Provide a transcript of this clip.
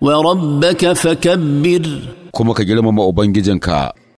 wa rabbaka fakabbir kuma ka girmama ubangijinka